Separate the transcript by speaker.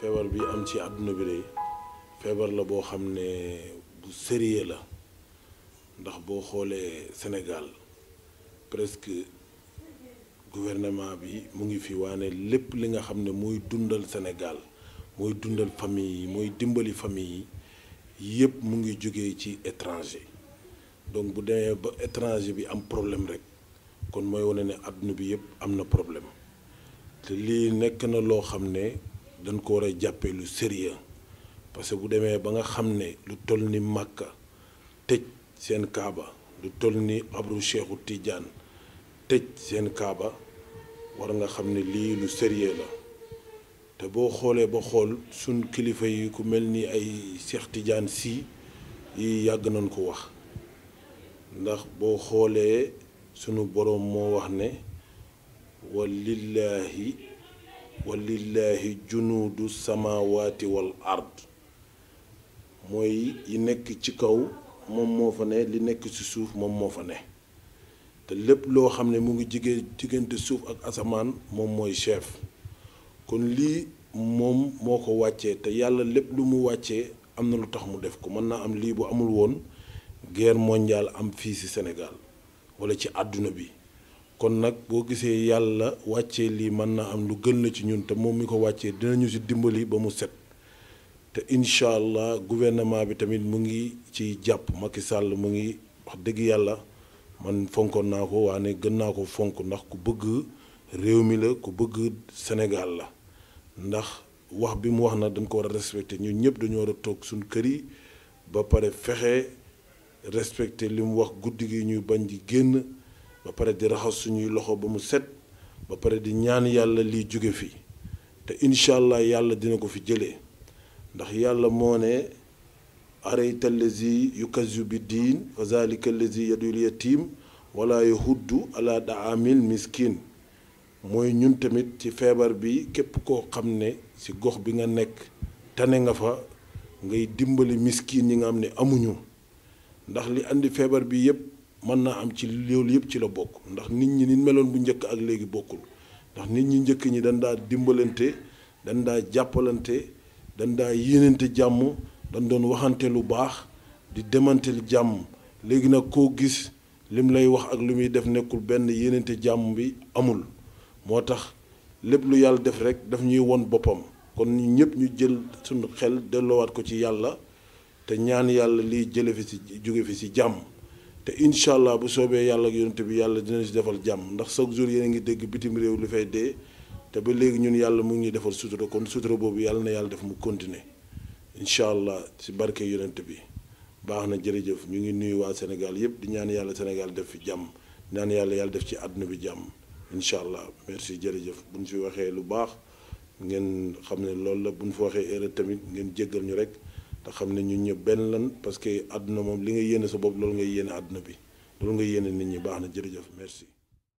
Speaker 1: feebar bi am ci àdduna bi de feebar la boo xam ne bu sérieux la ndax boo xoolee Sénégal presque gouvernement bi mu ngi fi waane lépp li nga xam ne mooy dundal Sénégal mooy dundal famille yi mooy dimbali famille yi yëpp mu ngi jógee ci étranger donc bu demee ba étranger bi am problème rek kon mooy wane ne àdduna bi yëpp am na problème te lii nekk na loo xam ne dan ko war a jàppee lu sérieux parce que bu demee ba nga xam ne lu toll ni Màkka tëj seen kaaba lu toll ni abru Cheikhu Tidiane tëj seen kaaba war nga xam ne lii lu sérieux la te boo xoolee ba xool suñ kilifa yi ku mel ni ay Cheikh Tidiane si yi yàgg nañ ko wax ndax boo xoolee sunu boroom moo wax ne wa lillaahi walillahi junuudu samawaati wal ard mooy yi nekk ci kaw moom moo fa ne li nekk ci suuf moom moo fa ne te lépp loo xam ne mu ngi jige diggante suuf ak asamaan moom mooy chef kon lii moom moo ko wàccee te yàlla lépp lu mu wàccee am na lu tax mu def ko mën naa am lii bu amul woon guerre mondiale am fii ci senegal walla ci àdduna bi kon nag boo gisee yàlla wàccee lii mën na am lu gën la ci ñun te moom mi ko wàccee dinañu ci dimbali ba mu set te incha allah gouvernement bi tamit mu ngi ci jàpp Macky sàll mu ngi wax dëgg yàlla man fonkoon naa ko waane gën naa ko fonk ndax ku bëgg réew mi la ku bëgg Sénégal la ndax wax bi mu wax na dañ ko war a respecté ñun ñëpp dañoo war a toog suñu kër yi ba pare fexe respecté li mu wax guddi gi ñuy bañ di génn. ba pare di raxas suñuy loxo ba mu set ba pare di ñaan yàlla liy jóge fi te incha allah yàlla dina ko fi jëlee ndax yàlla moo ne arayta allazi yukazu bi diin fa zalika allazi yadul yatim wala yahuddu ala daamil miskin mooy ñun tamit ci feebar bi képp koo xam ne ci gox bi nga nekk tane nga fa ngay dimbali miskin yi nga xam ne amuñu ndax li indi feebar bi yépp mën naa am ci loolu yëpp ci la bokk ndax nit ñi ni meloon bu njëkk ak léegi bokkul ndax nit ñi njëkk ñi dañ daa dimbalante dañ daa jàppalante dañ daa yéenante jàmm dañ doon waxante lu baax di demanteel jàmm léegi nag koo gis lim lay wax ak lu muy def nekkul benn yéenante jàmm bi amul moo tax lépp lu yàlla def rek daf ñuy won boppam kon ñu ñëpp ñu jël suñu xel delloowaat ko ci yàlla te ñaan yàlla liy jële fi si jóge fi si jàmm te incha allah bu soobee yàlla ak yonent bi yàlla dina ci defal jàmm ndax chaque jour yéen ngi dégg bitim réew lu fay dee te ba léegi ñun yàlla mu ngi ñuy defal sutura kon sutura boobu yàlla na yàlla def mu continuer incha allah ci barke yonent bi baax na jërëjëf ñu ngi nuyu waa Sénégal yëpp di ñaan yàlla Sénégal def fi jàmm ñaan yàlla yàlla def ci àdduna bi jàmm incha allah merci jërëjëf bu ñu fi waxee lu baax ngeen xam ne loolu la bu ñu fi waxee erreur tamit ngeen jéggal ñu rek. te xam ne ñun ñëpp benn lan parce que àdduna moom li nga yéene sa bopp loolu ngay yéene àdduna bi loolu nga yéene nit ñi baax na jërëjëf merci.